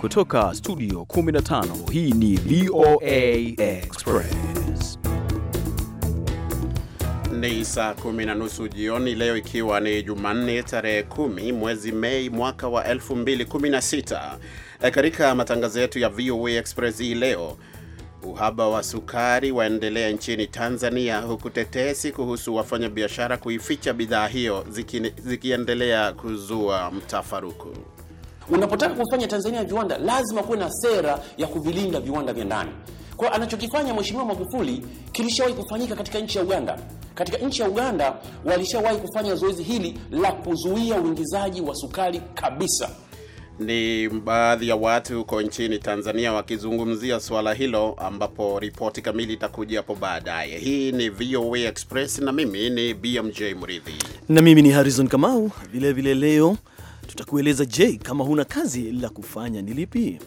Kutoka studio 15 hii ni VOA Express. Ni saa kumi na nusu jioni leo, ikiwa ni Jumanne tarehe kumi mwezi Mei mwaka wa 2016. E, katika matangazo yetu ya VOA Express hii leo Uhaba wa sukari waendelea nchini Tanzania huku tetesi kuhusu wafanyabiashara kuificha bidhaa hiyo zikiendelea ziki kuzua mtafaruku unapotaka kufanya Tanzania viwanda, lazima kuwe na sera ya kuvilinda viwanda vya ndani. Kwa anachokifanya Mheshimiwa Magufuli kilishawahi kufanyika katika nchi ya Uganda. Katika nchi ya Uganda walishawahi kufanya zoezi hili la kuzuia uingizaji wa sukari kabisa. Ni baadhi ya watu huko nchini Tanzania wakizungumzia swala hilo, ambapo ripoti kamili itakuja hapo baadaye. Hii ni VOA Express na mimi ni BMJ Mridhi na mimi ni Harrison Kamau. Vilevile leo Tutakueleza je, kama huna kazi la kufanya ni lipi?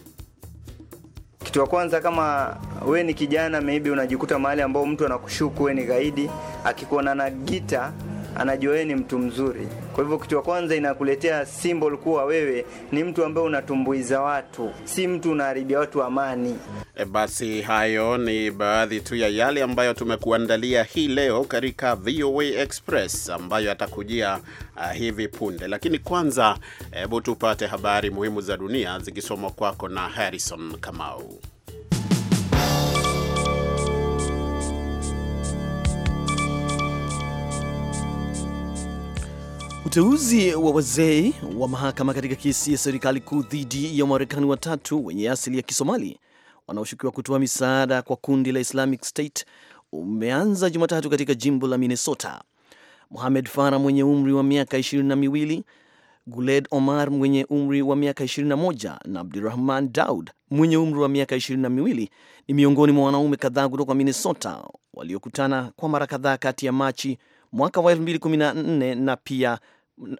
Kitu cha kwanza, kama we ni kijana, maybe unajikuta mahali ambao mtu anakushuku we ni gaidi, akikuona na gita anajua wewe ni mtu mzuri. Kwa hivyo, kitu cha kwanza inakuletea symbol kuwa wewe ni mtu ambaye unatumbuiza watu, si mtu unaharibia watu amani. E, basi hayo ni baadhi tu ya yale ambayo tumekuandalia hii leo katika VOA Express ambayo atakujia uh, ah, hivi punde, lakini kwanza, hebu tupate habari muhimu za dunia zikisomwa kwako na Harrison Kamau. Uteuzi wa wazee wa mahakama katika kesi ya serikali kuu dhidi ya marekani watatu wenye asili ya Kisomali wanaoshukiwa kutoa misaada kwa kundi la Islamic State umeanza Jumatatu katika jimbo la Minnesota. Mohamed Farah mwenye umri wa miaka ishirini na miwili, Guled Omar mwenye umri wa miaka 21 na Abdurahman Daud mwenye umri wa miaka miwili ni miongoni mwa wanaume kadhaa kutoka Minnesota waliokutana kwa mara kadhaa kati ya Machi mwaka wa 2014 na pia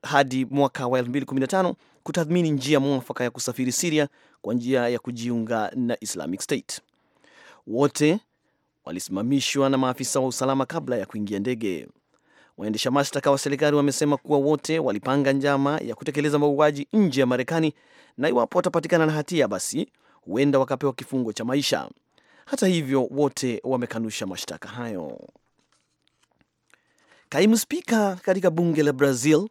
hadi mwaka wa 2015 kutathmini njia mwafaka ya kusafiri Siria kwa njia ya kujiunga na Islamic State. Wote walisimamishwa na maafisa wa usalama kabla ya kuingia ndege. Waendesha mashtaka wa serikali wamesema kuwa wote walipanga njama ya kutekeleza mauaji nje ya Marekani, na iwapo watapatikana na hatia, basi huenda wakapewa kifungo cha maisha. Hata hivyo, wote wamekanusha mashtaka hayo. Kaimu spika katika bunge la Brazil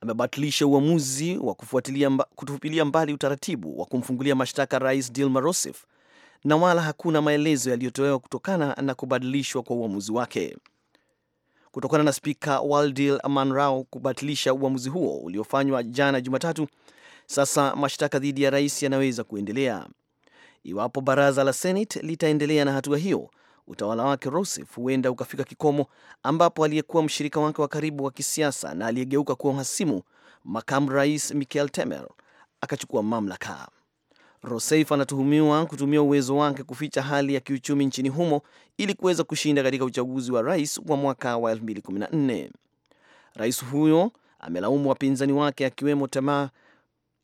amebatilisha uamuzi wa kufuatilia mba, kutupilia mbali utaratibu wa kumfungulia mashtaka Rais Dilma Rousseff na wala hakuna maelezo yaliyotolewa kutokana na kubadilishwa kwa uamuzi wake. Kutokana na Spika Waldil manrau kubatilisha uamuzi huo uliofanywa jana Jumatatu, sasa mashtaka dhidi ya rais yanaweza kuendelea. Iwapo baraza la Senate litaendelea na hatua hiyo, utawala wake Rousseff huenda ukafika kikomo, ambapo aliyekuwa mshirika wake wa karibu wa kisiasa na aliyegeuka kuwa hasimu, makamu rais Michel Temer, akachukua mamlaka. Rousseff anatuhumiwa kutumia uwezo wake kuficha hali ya kiuchumi nchini humo ili kuweza kushinda katika uchaguzi wa rais wa mwaka wa 2014. Rais huyo amelaumu wapinzani wake akiwemo Temer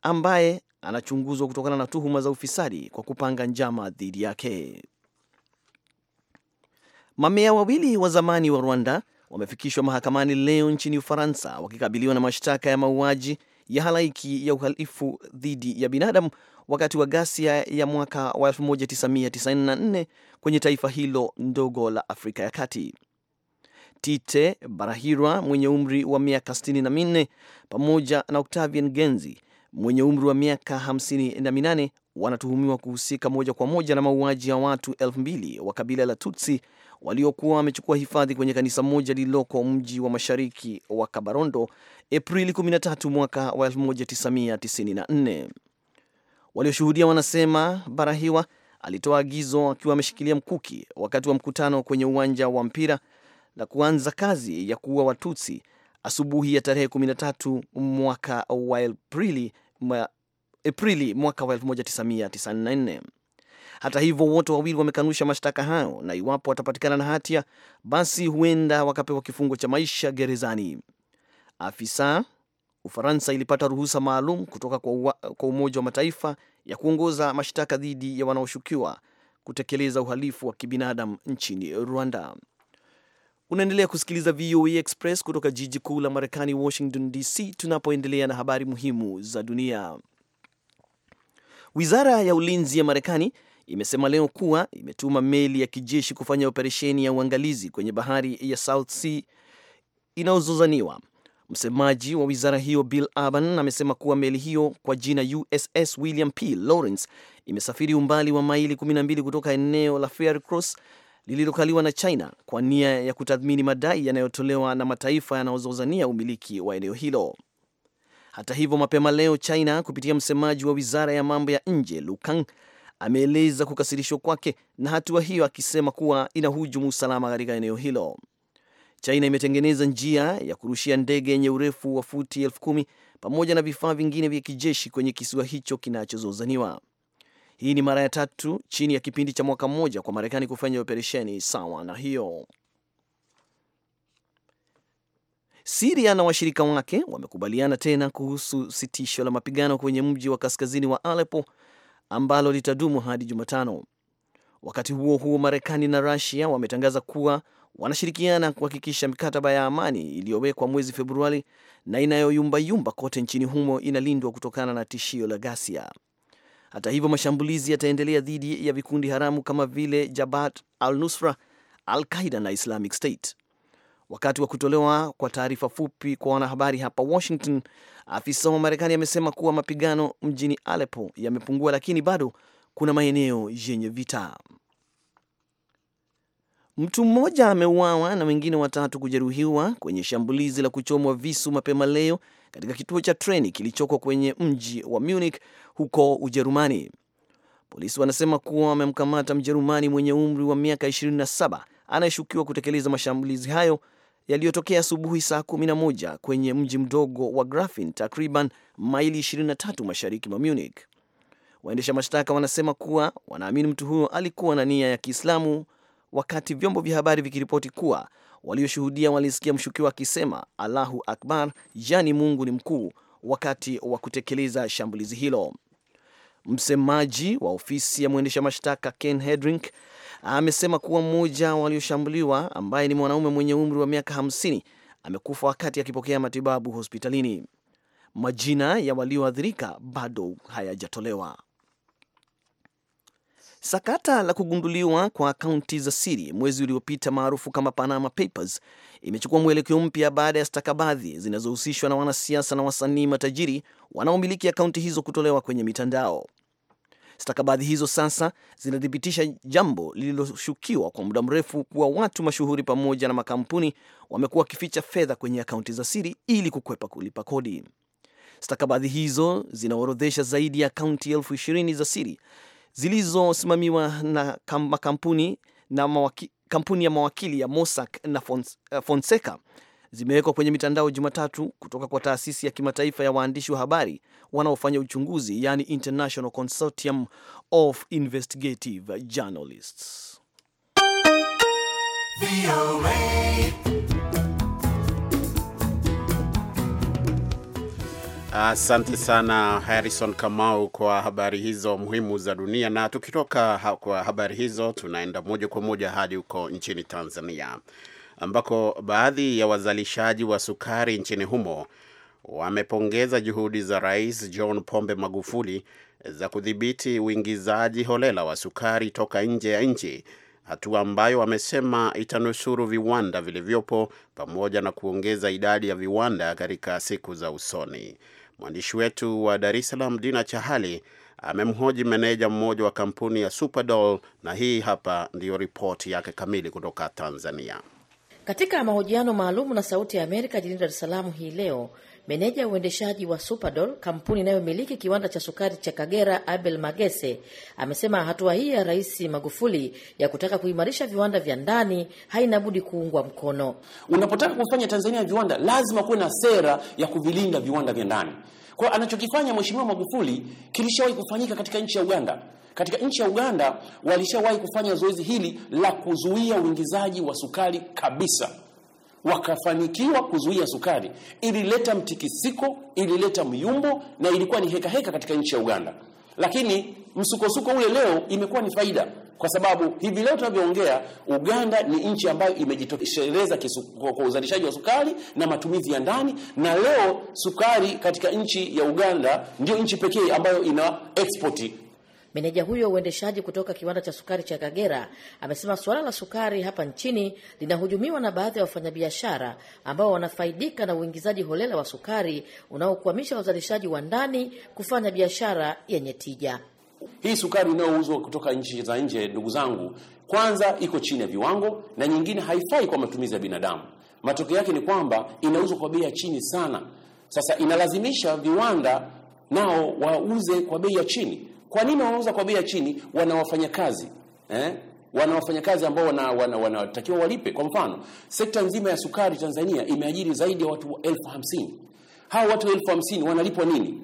ambaye anachunguzwa kutokana na tuhuma za ufisadi kwa kupanga njama dhidi yake. Mamea wawili wa zamani wa Rwanda wamefikishwa mahakamani leo nchini Ufaransa wakikabiliwa na mashtaka ya mauaji ya halaiki ya uhalifu dhidi ya binadamu wakati wa ghasia ya mwaka wa 1994 kwenye taifa hilo ndogo la Afrika ya Kati. Tite Barahirwa mwenye umri wa miaka 64 pamoja na Octavian Genzi mwenye umri wa miaka 58 wanatuhumiwa kuhusika moja kwa moja na mauaji ya watu 2 wa kabila la Tutsi waliokuwa wamechukua hifadhi kwenye kanisa moja lililoko mji wa mashariki wa Kabarondo Aprili 13 mwaka wa 1994. Walioshuhudia wanasema Barahiwa alitoa agizo akiwa ameshikilia mkuki wakati wa mkutano kwenye uwanja wa mpira na kuanza kazi ya kuua Watutsi asubuhi ya tarehe 13 mwaka wa Aprili mwaka wa 1994. Hata hivyo, wote wawili wamekanusha mashtaka hayo, na iwapo watapatikana na hatia, basi huenda wakapewa kifungo cha maisha gerezani. Afisa Ufaransa ilipata ruhusa maalum kutoka kwa Umoja wa Mataifa ya kuongoza mashtaka dhidi ya wanaoshukiwa kutekeleza uhalifu wa kibinadamu nchini Rwanda. Unaendelea kusikiliza VOA Express kutoka jiji kuu la Marekani, Washington DC, tunapoendelea na habari muhimu za dunia. Wizara ya ulinzi ya Marekani imesema leo kuwa imetuma meli ya kijeshi kufanya operesheni ya uangalizi kwenye bahari ya South Sea inayozozaniwa. Msemaji wa wizara hiyo Bill Urban amesema kuwa meli hiyo kwa jina USS William P. Lawrence imesafiri umbali wa maili 12 kutoka eneo la Cross lililokaliwa na China kwa nia ya kutathmini madai yanayotolewa na mataifa yanayozozania umiliki wa eneo hilo. Hata hivyo, mapema leo China kupitia msemaji wa wizara ya mambo ya nje Lu Kang ameeleza kukasirishwa kwake na hatua hiyo, akisema kuwa inahujumu usalama katika eneo hilo. China imetengeneza njia ya kurushia ndege yenye urefu wa futi elfu kumi pamoja na vifaa vingine vya kijeshi kwenye kisiwa hicho kinachozozaniwa. Hii ni mara ya tatu chini ya kipindi cha mwaka mmoja kwa Marekani kufanya operesheni sawa na hiyo. Siria na washirika wake wamekubaliana tena kuhusu sitisho la mapigano kwenye mji wa kaskazini wa Aleppo ambalo litadumu hadi Jumatano. Wakati huo huo, Marekani na Rusia wametangaza kuwa wanashirikiana kuhakikisha mikataba ya amani iliyowekwa mwezi Februari na inayoyumbayumba kote nchini humo inalindwa kutokana na tishio la ghasia. Hata hivyo, mashambulizi yataendelea dhidi ya vikundi haramu kama vile Jabhat al-Nusra, Al-Qaida na Islamic State. Wakati wa kutolewa kwa taarifa fupi kwa wanahabari hapa Washington, afisa wa Marekani amesema kuwa mapigano mjini Aleppo yamepungua, lakini bado kuna maeneo yenye vita. Mtu mmoja ameuawa na wengine watatu kujeruhiwa kwenye shambulizi la kuchomwa visu mapema leo katika kituo cha treni kilichoko kwenye mji wa Munich huko Ujerumani. Polisi wanasema kuwa wamemkamata Mjerumani mwenye umri wa miaka 27 anayeshukiwa kutekeleza mashambulizi hayo yaliyotokea asubuhi saa 11 kwenye mji mdogo wa Grafin, takriban maili 23 mashariki mwa Munich. Waendesha mashtaka wanasema kuwa wanaamini mtu huyo alikuwa na nia ya Kiislamu, wakati vyombo vya habari vikiripoti kuwa walioshuhudia walisikia mshukiwa akisema Allahu Akbar, yani Mungu ni mkuu, wakati wa kutekeleza shambulizi hilo. Msemaji wa ofisi ya mwendesha mashtaka Ken Hedrink amesema kuwa mmoja walioshambuliwa ambaye ni mwanaume mwenye umri wa miaka 50 amekufa wakati akipokea matibabu hospitalini. Majina ya walioathirika bado hayajatolewa. Sakata la kugunduliwa kwa akaunti za siri mwezi uliopita maarufu kama Panama Papers imechukua mwelekeo mpya baada ya stakabadhi zinazohusishwa na wanasiasa na wasanii matajiri wanaomiliki akaunti hizo kutolewa kwenye mitandao. Stakabadhi hizo sasa zinathibitisha jambo lililoshukiwa kwa muda mrefu kuwa watu mashuhuri pamoja na makampuni wamekuwa wakificha fedha kwenye akaunti za siri ili kukwepa kulipa kodi. Stakabadhi hizo zinaorodhesha zaidi ya akaunti elfu ishirini za siri zilizosimamiwa na makampuni na mawaki, kampuni ya mawakili ya Mossack na eh, Fonseca zimewekwa kwenye mitandao Jumatatu kutoka kwa taasisi ya kimataifa ya waandishi wa habari wanaofanya uchunguzi, yani International Consortium of Investigative Journalists. Asante sana Harrison Kamau kwa habari hizo muhimu za dunia. Na tukitoka kwa habari hizo, tunaenda moja kwa moja hadi huko nchini Tanzania ambako baadhi ya wazalishaji wa sukari nchini humo wamepongeza juhudi za Rais John Pombe Magufuli za kudhibiti uingizaji holela wa sukari toka nje ya nchi, hatua ambayo wamesema itanusuru viwanda vilivyopo pamoja na kuongeza idadi ya viwanda katika siku za usoni. Mwandishi wetu wa Dar es Salaam Dina Chahali amemhoji meneja mmoja wa kampuni ya Superdol na hii hapa ndiyo ripoti yake kamili kutoka Tanzania. Katika mahojiano maalum na Sauti ya Amerika jijini Dar es Salaam hii leo, Meneja uendeshaji wa Superdol, kampuni inayomiliki kiwanda cha sukari cha Kagera, Abel Magese, amesema hatua hii ya Rais Magufuli ya kutaka kuimarisha viwanda vya ndani haina budi kuungwa mkono. Unapotaka kufanya Tanzania viwanda, lazima kuwe na sera ya kuvilinda viwanda vya ndani. Kwa anachokifanya Mheshimiwa Magufuli kilishawahi kufanyika katika nchi ya Uganda. Katika nchi ya Uganda walishawahi kufanya zoezi hili la kuzuia uingizaji wa sukari kabisa wakafanikiwa kuzuia sukari. Ilileta mtikisiko, ilileta myumbo, na ilikuwa ni hekaheka heka katika nchi ya Uganda, lakini msukosuko ule leo imekuwa ni faida kwa sababu hivi leo tunavyoongea, Uganda ni nchi ambayo imejitosheleza kwa uzalishaji wa sukari na matumizi ya ndani, na leo sukari katika nchi ya Uganda ndio nchi pekee ambayo ina export Meneja huyo uendeshaji kutoka kiwanda cha sukari cha Kagera amesema suala la sukari hapa nchini linahujumiwa na baadhi ya wafanyabiashara ambao wanafaidika na uingizaji holela wa sukari unaokwamisha wazalishaji wa ndani kufanya biashara yenye tija. Hii sukari inayouzwa kutoka nchi za nje, ndugu zangu, kwanza iko chini ya viwango na nyingine haifai kwa matumizi ya binadamu. Matokeo yake ni kwamba inauzwa kwa bei ya chini sana. Sasa inalazimisha viwanda nao wauze kwa bei ya chini. Kwa nini wanauza kwa bei ya chini? Wana wafanyakazi eh? wana wafanyakazi ambao wanatakiwa wana, wana, walipe. Kwa mfano, sekta nzima ya sukari Tanzania imeajiri zaidi ya watu elfu hamsini. Hao watu elfu hamsini wanalipwa nini?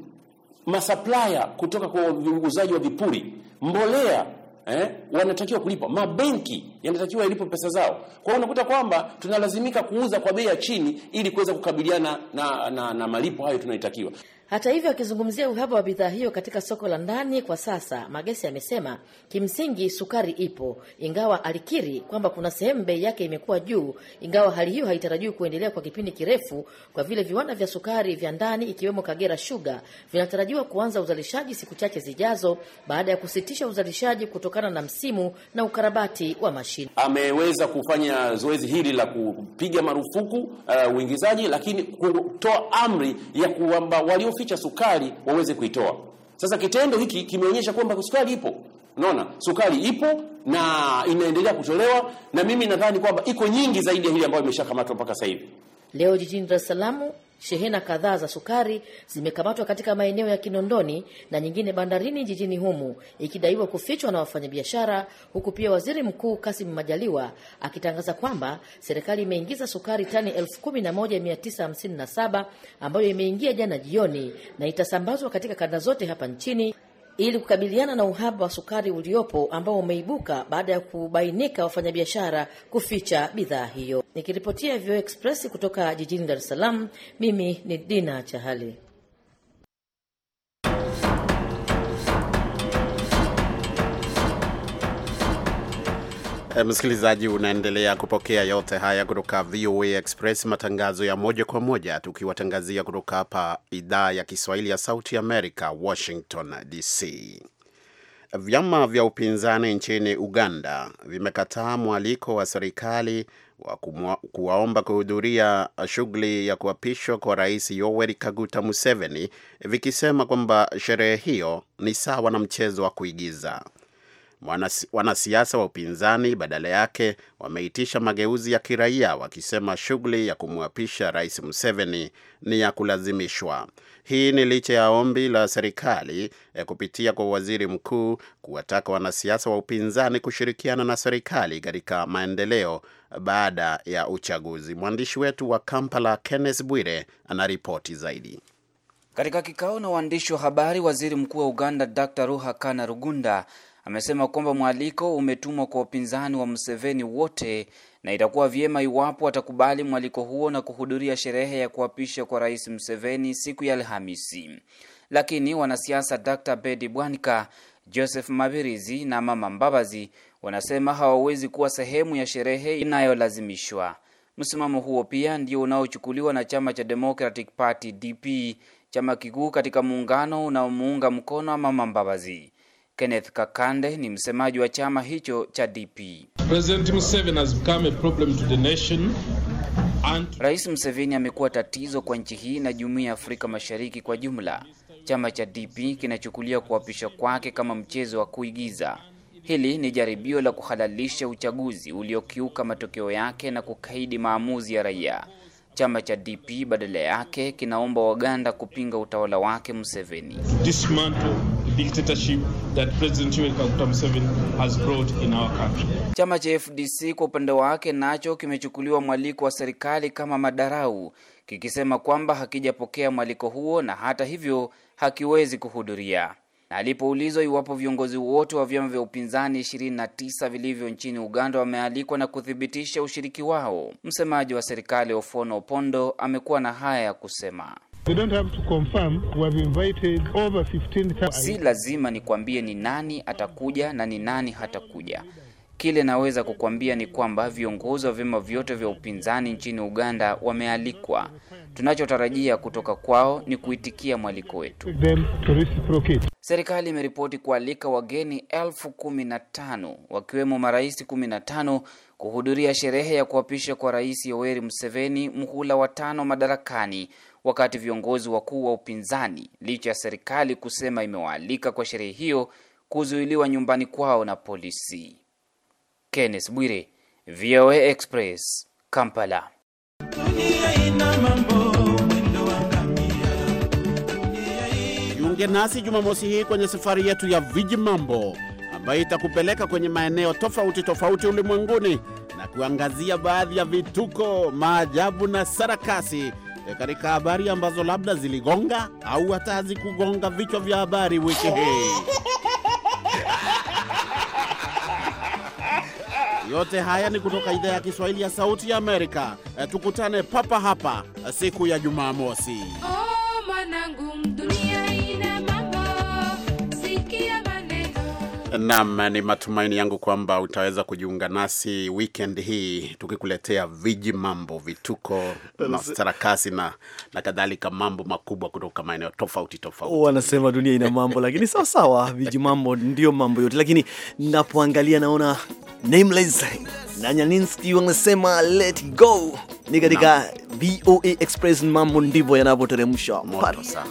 Masupplier kutoka kwa uuzaji wa vipuri, mbolea eh, wanatakiwa kulipa. Mabenki yanatakiwa yalipe pesa zao. Kwa hiyo unakuta kwamba tunalazimika kuuza kwa bei ya chini ili kuweza kukabiliana na, na, na, na malipo hayo tunayotakiwa. Hata hivyo, akizungumzia uhaba wa bidhaa hiyo katika soko la ndani kwa sasa, Magesi amesema kimsingi sukari ipo, ingawa alikiri kwamba kuna sehemu bei yake imekuwa juu, ingawa hali hiyo haitarajiwi kuendelea kwa kipindi kirefu kwa vile viwanda vya sukari vya ndani ikiwemo Kagera Sugar vinatarajiwa kuanza uzalishaji siku chache zijazo baada ya kusitisha uzalishaji kutokana na msimu na ukarabati wa mashine. Ameweza kufanya zoezi hili la kupiga marufuku uh, uingizaji, lakini kutoa amri ya kwamba walio wanaoficha sukari waweze kuitoa. Sasa kitendo hiki kimeonyesha kwamba sukari ipo, unaona sukari ipo na inaendelea kutolewa, na mimi nadhani kwamba iko nyingi zaidi ya hili ambayo imeshakamatwa mpaka sasa hivi. Leo jijini Dar es Salaam Shehena kadhaa za sukari zimekamatwa katika maeneo ya Kinondoni na nyingine bandarini jijini humu ikidaiwa kufichwa na wafanyabiashara, huku pia Waziri Mkuu Kasim Majaliwa akitangaza kwamba serikali imeingiza sukari tani 11957 ambayo imeingia jana jioni na itasambazwa katika kanda zote hapa nchini ili kukabiliana na uhaba wa sukari uliopo ambao umeibuka baada ya kubainika wafanyabiashara kuficha bidhaa hiyo. Nikiripotia VOA Express kutoka jijini Dar es Salaam, mimi ni Dina Chahali. Eh, msikilizaji, unaendelea kupokea yote haya kutoka VOA Express, matangazo ya moja kwa moja, tukiwatangazia kutoka hapa idhaa ya Kiswahili ya Sauti Amerika, Washington DC. Vyama vya upinzani nchini Uganda vimekataa mwaliko wa serikali wa kuwaomba kuhudhuria shughuli ya kuapishwa kwa Rais Yoweri Kaguta Museveni, vikisema kwamba sherehe hiyo ni sawa na mchezo wa kuigiza. Wanasiasa wa upinzani badala yake wameitisha mageuzi ya kiraia wakisema shughuli ya kumwapisha Rais Museveni ni ya kulazimishwa. Hii ni licha ya ombi la serikali ya eh, kupitia kwa waziri mkuu kuwataka wanasiasa wa upinzani kushirikiana na serikali katika maendeleo baada ya uchaguzi. Mwandishi wetu wa Kampala Kenneth Bwire anaripoti zaidi. Katika kikao na waandishi wa habari, waziri mkuu wa Uganda Dr. Ruhakana Rugunda amesema kwamba mwaliko umetumwa kwa upinzani wa Museveni wote na itakuwa vyema iwapo atakubali mwaliko huo na kuhudhuria sherehe ya kuapisha kwa Rais Museveni siku ya Alhamisi. Lakini wanasiasa Dr. Bedi Bwanika, Joseph Mabirizi na Mama Mbabazi wanasema hawawezi kuwa sehemu ya sherehe inayolazimishwa. Msimamo huo pia ndio unaochukuliwa na chama cha Democratic Party DP, chama kikuu katika muungano unaomuunga mkono Mama Mbabazi. Kenneth Kakande ni msemaji wa chama hicho cha DP. President Museveni has become a problem to the nation. Rais Museveni amekuwa tatizo kwa nchi hii na jumuiya ya Afrika Mashariki kwa jumla. Chama cha DP kinachukulia kuapishwa kwake kama mchezo wa kuigiza. Hili ni jaribio la kuhalalisha uchaguzi uliokiuka matokeo yake na kukaidi maamuzi ya raia. Chama cha DP badala yake kinaomba Waganda kupinga utawala wake Museveni. Dismantle dictatorship that President Yoweri Kaguta Museveni has brought in our country. Chama cha FDC kwa upande wake nacho kimechukuliwa mwaliko wa serikali kama madarau, kikisema kwamba hakijapokea mwaliko huo na hata hivyo hakiwezi kuhudhuria. Na alipoulizwa iwapo viongozi wote wa vyama vya upinzani 29 vilivyo nchini Uganda wamealikwa na kuthibitisha ushiriki wao, msemaji wa serikali Ofono Opondo amekuwa na haya ya kusema. Si lazima nikwambie ni nani atakuja na ni nani hatakuja. Kile naweza kukwambia ni kwamba viongozi wa vyama vyote vya upinzani nchini Uganda wamealikwa. Tunachotarajia kutoka kwao ni kuitikia mwaliko wetu. Serikali imeripoti kualika wageni elfu kumi na tano wakiwemo marais kumi na tano kuhudhuria sherehe ya kuapisha kwa Rais Yoweri Museveni muhula wa tano madarakani wakati viongozi wakuu wa upinzani licha ya serikali kusema imewaalika kwa sherehe hiyo kuzuiliwa nyumbani kwao na polisi. Kenneth Bwire, VOA Express, Kampala. Jiunge nasi Jumamosi hii kwenye safari yetu ya Vijimambo ambayo itakupeleka kwenye maeneo tofauti tofauti ulimwenguni na kuangazia baadhi ya vituko, maajabu na sarakasi E, katika habari ambazo labda ziligonga au hata hazikugonga vichwa vya habari wiki hii. Yote haya ni kutoka idhaa ya Kiswahili ya Sauti ya Amerika. E, tukutane papa hapa siku ya Jumamosi. Oh, Naam, ni matumaini yangu kwamba utaweza kujiunga nasi weekend hii tukikuletea viji mambo, vituko, mastarakasi na, na kadhalika, mambo makubwa kutoka maeneo tofauti tofauti. Wanasema dunia ina mambo lakini sawasawa, viji mambo ndio mambo yote, lakini napoangalia naona Nameless na Nyaninski wanasema let go. Ni katika VOA Express, mambo ndivyo yanavyoteremsha moto sana.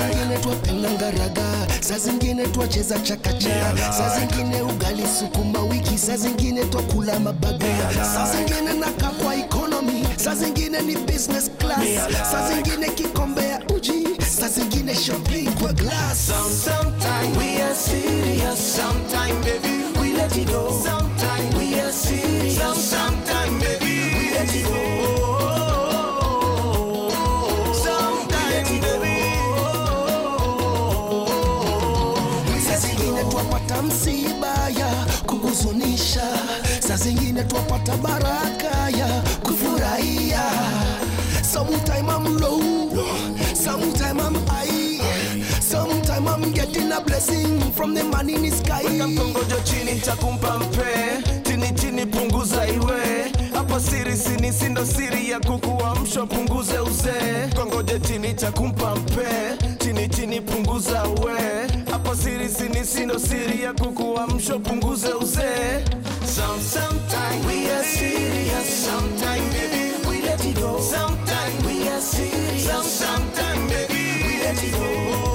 saa zingine twapenda ngaraga, saa zingine twacheza chakacha, saa zingine ugali sukuma wiki, saa zingine twakula mabaga, saa zingine naka kwa economy, saa zingine ni business class, saa zingine kikombe ya uji, saa zingine shopping kwa glass. sometime we are serious, sometime baby we let it go, sometime we are serious, sometime baby we let it go. Hakuna msiba ya kuhuzunisha, saa zingine twapata baraka ya kufurahia. Sometime I'm low, sometime I'm high, sometime I'm getting a blessing from the man in the sky. Weka mkongojo chini, nitakumpa mpe chini chini, punguza iwe hapo siri sini sindo siri ya kukuamsha punguze uzee kongoje chini cha kumpa mpe chini chini punguza we hapo siri sini sindo siri ya kukuamsha punguze uzee sometimes we are serious sometimes baby, we let it go sometimes we are serious sometimes baby, we let it go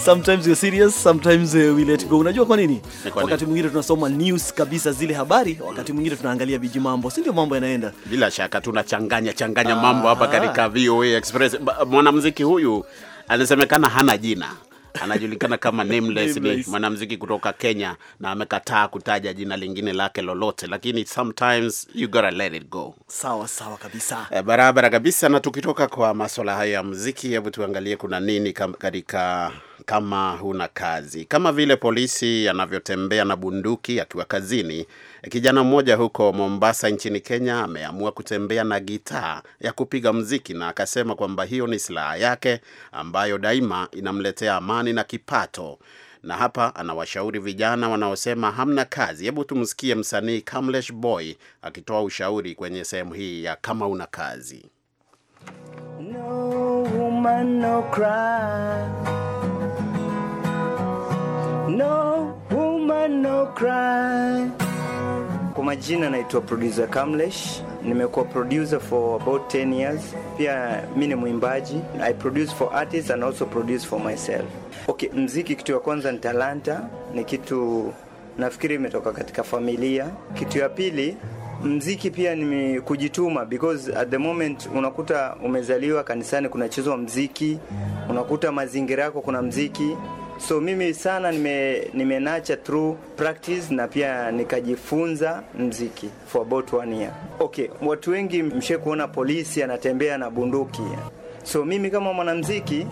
sometimes we're serious, sometimes eh, we let go. Unajua kwa nini? Wakati mwingine tunasoma news kabisa zile habari, wakati mwingine tunaangalia viji mambo, si ndio mambo yanaenda. Bila shaka tunachanganya changanya ah. mambo hapa katika VOA Express. Mwanamuziki huyu anasemekana hana jina anajulikana kama Nameless. Ni mwanamuziki kutoka Kenya na amekataa kutaja jina lingine lake lolote, lakini sometimes you gotta let it go. Sawa sawa kabisa, e, barabara kabisa. Na tukitoka kwa maswala haya ya muziki, hebu tuangalie kuna nini katika kama huna kazi. Kama vile polisi anavyotembea na bunduki akiwa kazini, kijana mmoja huko Mombasa nchini Kenya ameamua kutembea na gitaa ya kupiga mziki, na akasema kwamba hiyo ni silaha yake ambayo daima inamletea amani na kipato. Na hapa anawashauri vijana wanaosema hamna kazi. Hebu tumsikie msanii Kamlesh Boy akitoa ushauri kwenye sehemu hii ya kama una kazi. No woman, no cry. majina naitwa producer Kamlesh. Nimekuwa producer for about 10 years. Pia mi ni mwimbaji. I produce for artists and also produce for myself. Okay, mziki kitu ya kwanza ni talanta, ni kitu nafikiri imetoka katika familia. Kitu ya pili mziki pia ni kujituma, because at the moment unakuta umezaliwa kanisani kunachezwa mziki, unakuta mazingira yako kuna mziki So mimi sana nime, nimenacha through practice na pia nikajifunza mziki for about one year. Okay, watu wengi mshe kuona polisi anatembea na bunduki. So mimi kama mwanamziki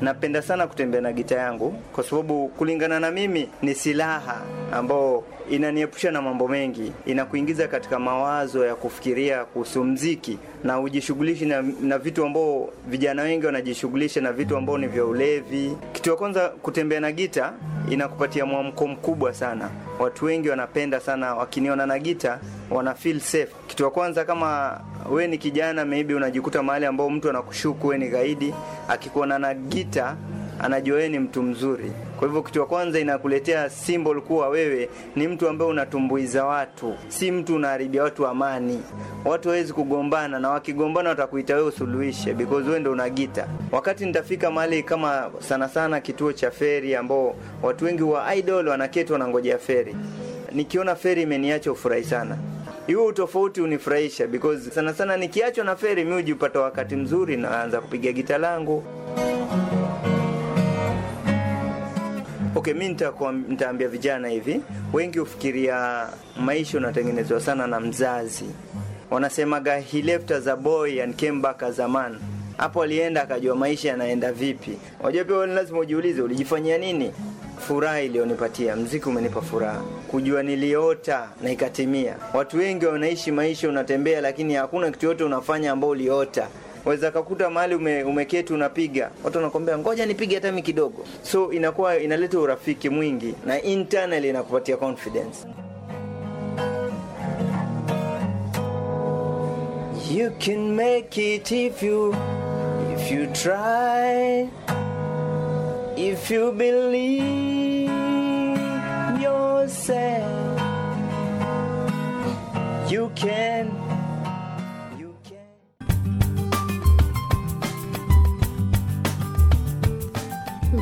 napenda sana kutembea na gita yangu kwa sababu kulingana na mimi ni silaha ambayo inaniepusha na mambo mengi, inakuingiza katika mawazo ya kufikiria kuhusu mziki na ujishughulishi na, na vitu ambao vijana wengi wanajishughulisha na vitu ambao ni vya ulevi. Kitu ya kwanza, kutembea na gita inakupatia mwamko mkubwa sana. Watu wengi wanapenda sana, wakiniona na gita wana feel safe. Kitu ya kwanza kama we ni kijana maybe unajikuta mahali ambao mtu anakushuku we ni gaidi, akikuona na gita anajua wee ni mtu mzuri. Kwa hivyo kitu cha kwanza inakuletea symbol kuwa wewe ni mtu ambaye unatumbuiza watu, si mtu unaharibia watu amani. Watu hawezi kugombana, na wakigombana watakuita wewe usuluhishe, because wewe ndio una gita. Wakati nitafika mahali kama sana sana kituo cha feri, ambao watu wengi wa idol na ngoja feri, nikiona feri imeniacha ufurahi sana hiyo utofauti unifurahisha because sana sana nikiachwa na feri, mimi hujipata wakati mzuri, naanza kupiga gita langu. Okay, mi nitaambia vijana hivi, wengi hufikiria maisha unatengenezwa sana na mzazi. Wanasemaga he left as a boy and came back as a man. Hapo alienda akajua maisha yanaenda vipi. Unajua pia lazima ujiulize, ulijifanyia nini? furaha iliyonipatia mziki, umenipa furaha kujua niliota na ikatimia. Watu wengi wanaishi maisha, unatembea lakini hakuna kitu yote unafanya ambao uliota waweza kakuta mahali ume, umeketi unapiga, watu wanakwambia ngoja nipige hata mi kidogo. So inakuwa inaleta urafiki mwingi na internal inakupatia confidence. You can make it if you, if you try. If you believe yourself, you can. You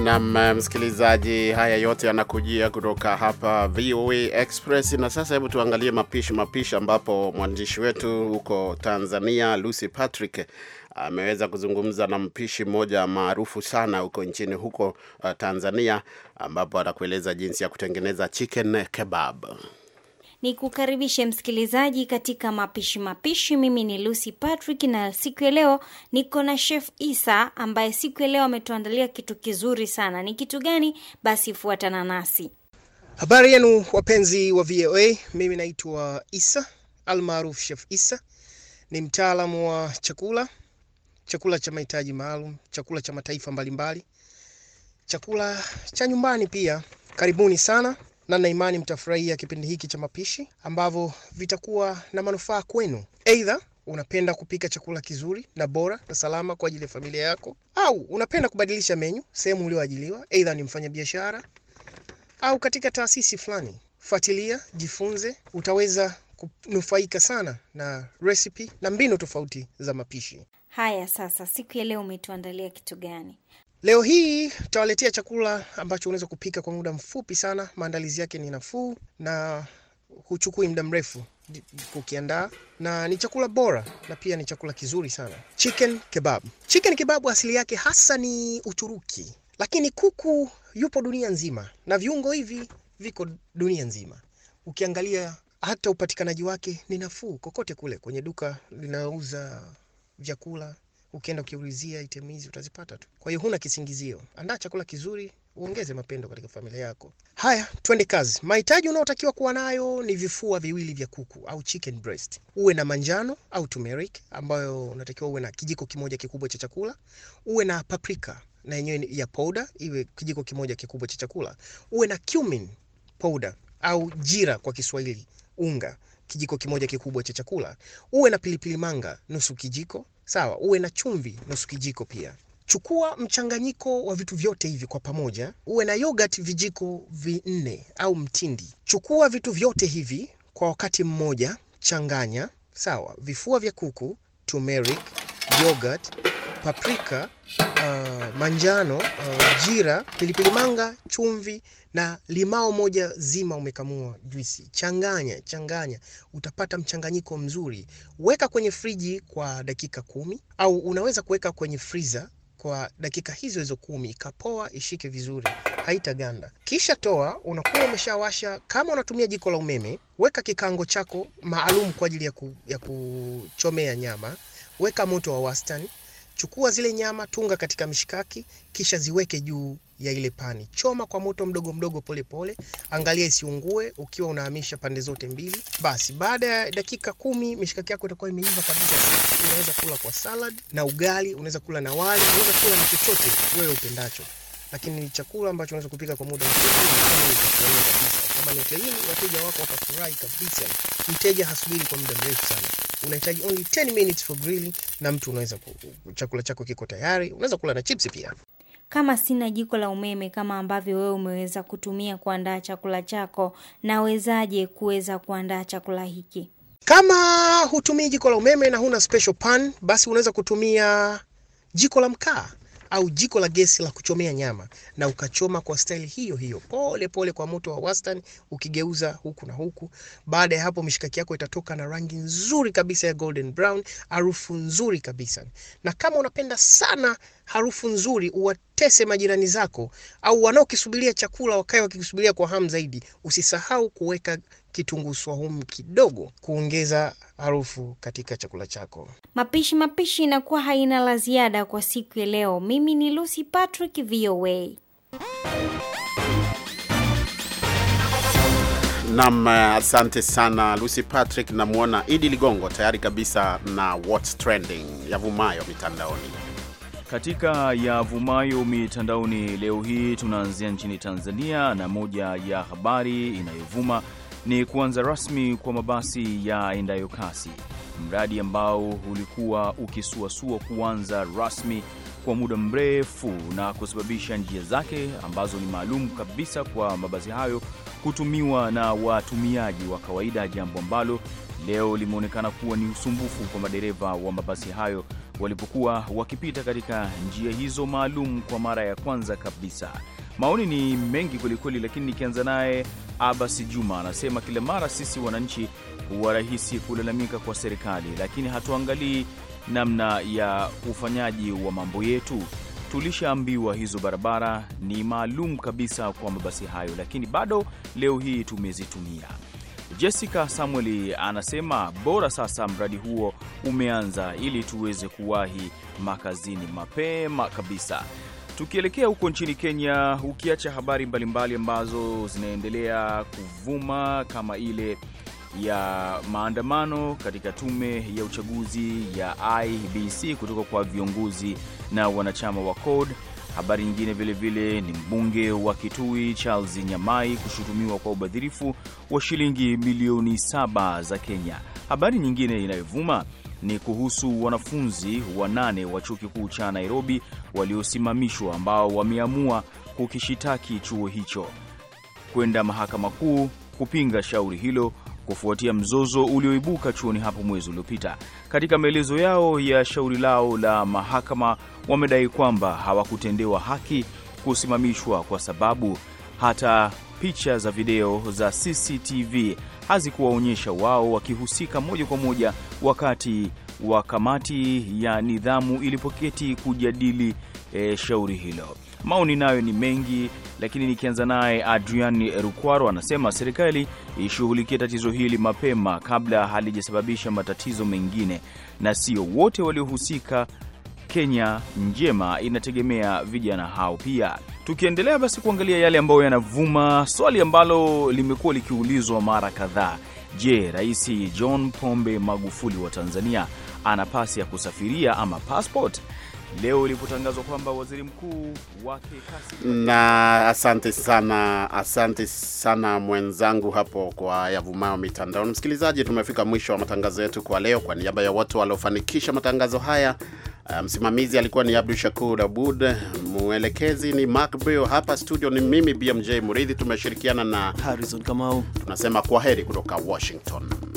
eh, msikilizaji, haya yote yanakujia kutoka hapa VOA Express. Na sasa hebu tuangalie mapishi mapishi, ambapo mwandishi wetu huko Tanzania Lucy Patrick ameweza kuzungumza na mpishi mmoja maarufu sana huko nchini huko uh, Tanzania, ambapo atakueleza jinsi ya kutengeneza chicken kebab. Ni kukaribishe msikilizaji katika mapishi mapishi. Mimi ni Lucy Patrick na siku ya leo niko na Chef Isa ambaye siku ya leo ametuandalia kitu kizuri sana. Ni kitu gani? Basi fuatana nasi. Habari yenu wapenzi wa VOA, mimi naitwa Isa almaarufu Chef Isa, ni mtaalamu wa chakula chakula cha mahitaji maalum, chakula cha mataifa mbalimbali, chakula cha nyumbani pia. Karibuni sana na na imani mtafurahia kipindi hiki cha mapishi ambavyo vitakuwa na manufaa kwenu. Aidha, unapenda kupika chakula kizuri na bora na salama kwa ajili ya familia yako, au unapenda kubadilisha menyu sehemu ulioajiliwa, aidha ni mfanyabiashara au katika taasisi fulani. Fuatilia, jifunze, utaweza kunufaika sana na resipi na mbinu tofauti za mapishi. Haya sasa, siku ya leo umetuandalia kitu gani? Leo hii tutawaletea chakula ambacho unaweza kupika kwa muda mfupi sana. Maandalizi yake ni nafuu na huchukui muda mrefu kukiandaa, na ni chakula bora na pia ni chakula kizuri sana, chicken kebab. Chicken kebab asili yake hasa ni Uturuki, lakini kuku yupo dunia nzima na viungo hivi viko dunia nzima. Ukiangalia hata upatikanaji wake ni nafuu, kokote kule kwenye duka linauza vyakula, ukienda ukiulizia itemizi utazipata tu. Kwa hiyo huna kisingizio. Andaa chakula kizuri, uongeze mapendo katika familia yako. Haya, twende kazi. Mahitaji unaotakiwa kuwa nayo ni vifua viwili vya kuku au chicken breast. Uwe na manjano au turmeric ambayo unatakiwa uwe na kijiko kimoja kikubwa cha chakula. Uwe na paprika na yenyewe ya powder iwe kijiko kimoja kikubwa cha chakula. Uwe na cumin powder au jira kwa Kiswahili, unga kijiko kimoja kikubwa cha chakula, uwe na pilipili manga nusu kijiko, sawa, uwe na chumvi nusu kijiko pia. Chukua mchanganyiko wa vitu vyote hivi kwa pamoja, uwe na yogurt vijiko vinne au mtindi. Chukua vitu vyote hivi kwa wakati mmoja, changanya, sawa, vifua vya kuku, turmeric, yogurt paprika, uh, manjano, uh, jira, pilipili manga, chumvi na limao moja zima umekamua juisi. Changanya, changanya, utapata mchanganyiko mzuri. Weka kwenye friji kwa dakika kumi au unaweza kuweka kwenye freezer kwa dakika hizo hizo kumi, ikapoa ishike vizuri, haitaganda. Kisha toa, unakuwa umeshawasha. Kama unatumia jiko la umeme, weka kikango chako maalum kwa ajili ya, ku, ya kuchomea nyama. Weka moto wa wastani. Chukua zile nyama, tunga katika mishikaki, kisha ziweke juu ya ile pani. Choma kwa moto mdogo mdogo, pole pole. Angalia isiungue, ukiwa unahamisha pande zote mbili. Basi baada ya dakika kumi mishikaki yako itakuwa imeiva kabisa. Unaweza kula kwa salad na ugali, unaweza kula na wali, unaweza kula na chochote wewe upendacho, lakini ni chakula ambacho unaweza kupika kwa muda mfupi kabisa. Kama ni hotelini, wateja wako watafurahi kabisa, mteja hasubiri kwa muda mrefu sana unahitaji only 10 minutes for grilling, na mtu unaweza chakula chako kiko tayari. Unaweza kula na chipsi pia. Kama sina jiko la umeme kama ambavyo wewe umeweza kutumia kuandaa chakula chako, nawezaje kuweza kuandaa chakula hiki? Kama hutumii jiko la umeme na huna special pan, basi unaweza kutumia jiko la mkaa au jiko la gesi la kuchomea nyama na ukachoma kwa staili hiyo hiyo pole pole kwa moto wa wastani, ukigeuza huku na huku. Baada ya hapo, mishikaki yako itatoka na rangi nzuri kabisa ya golden brown, harufu nzuri kabisa. Na kama unapenda sana harufu nzuri, uwatese majirani zako au wanaokisubiria chakula wakae wakikisubiria kwa hamu zaidi. Usisahau kuweka kitunguu swaumu kidogo kuongeza harufu katika chakula chako. Mapishi mapishi inakuwa haina la ziada kwa siku ya leo. Mimi ni Lucy Patrick, VOA. Nam, asante sana Lucy Patrick. Namwona Idi Ligongo tayari kabisa na what's trending yavumayo mitandaoni. Katika ya vumayo mitandaoni leo hii tunaanzia nchini Tanzania, na moja ya habari inayovuma ni kuanza rasmi kwa mabasi endayo kasi, mradi ambao ulikuwa ukisuasua kuanza rasmi kwa muda mrefu na kusababisha njia zake ambazo ni maalum kabisa kwa mabasi hayo kutumiwa na watumiaji wa kawaida, jambo ambalo leo limeonekana kuwa ni usumbufu kwa madereva wa mabasi hayo walipokuwa wakipita katika njia hizo maalum kwa mara ya kwanza kabisa. Maoni ni mengi kwelikweli, lakini nikianza naye Abasi Juma anasema kila mara sisi wananchi huwa rahisi kulalamika kwa serikali, lakini hatuangalii namna ya ufanyaji wa mambo yetu. Tulishaambiwa hizo barabara ni maalum kabisa kwa mabasi hayo, lakini bado leo hii tumezitumia. Jessica Samueli anasema bora sasa mradi huo umeanza ili tuweze kuwahi makazini mapema kabisa. Tukielekea huko nchini Kenya, ukiacha habari mbalimbali ambazo zinaendelea kuvuma kama ile ya maandamano katika tume ya uchaguzi ya IBC kutoka kwa viongozi na wanachama wa CORD Habari nyingine vilevile ni mbunge wa Kitui Charles Nyamai kushutumiwa kwa ubadhirifu wa shilingi milioni saba za Kenya. Habari nyingine inayovuma ni kuhusu wanafunzi wanane wa chuo kikuu cha Nairobi waliosimamishwa ambao wameamua kukishitaki chuo hicho kwenda mahakama kuu kupinga shauri hilo kufuatia mzozo ulioibuka chuoni hapo mwezi uliopita. Katika maelezo yao ya shauri lao la mahakama, wamedai kwamba hawakutendewa haki kusimamishwa kwa sababu hata picha za video za CCTV hazikuwaonyesha wao wakihusika moja kwa moja wakati wa kamati ya nidhamu ilipoketi kujadili e, shauri hilo. Maoni nayo ni mengi, lakini nikianza naye Adrian Rukwaro anasema serikali ishughulikie tatizo hili mapema kabla halijasababisha matatizo mengine, na sio wote waliohusika. Kenya njema inategemea vijana hao pia. Tukiendelea basi kuangalia yale ambayo yanavuma, swali ambalo limekuwa likiulizwa mara kadhaa: je, Rais John Pombe Magufuli wa Tanzania ana pasi ya kusafiria ama passport? leo ilipotangazwa kwamba waziri mkuu wake Na asante sana, asante sana mwenzangu hapo kwa yavumao mitandaoni. Msikilizaji, tumefika mwisho wa matangazo yetu kwa leo. Kwa niaba ya watu waliofanikisha matangazo haya eh, Msimamizi um, alikuwa ni Abdu Shakur Abud, mwelekezi ni Mark Brio, hapa studio ni mimi BMJ Muridhi, tumeshirikiana na Harrison Kamau. Tunasema kwa heri kutoka Washington.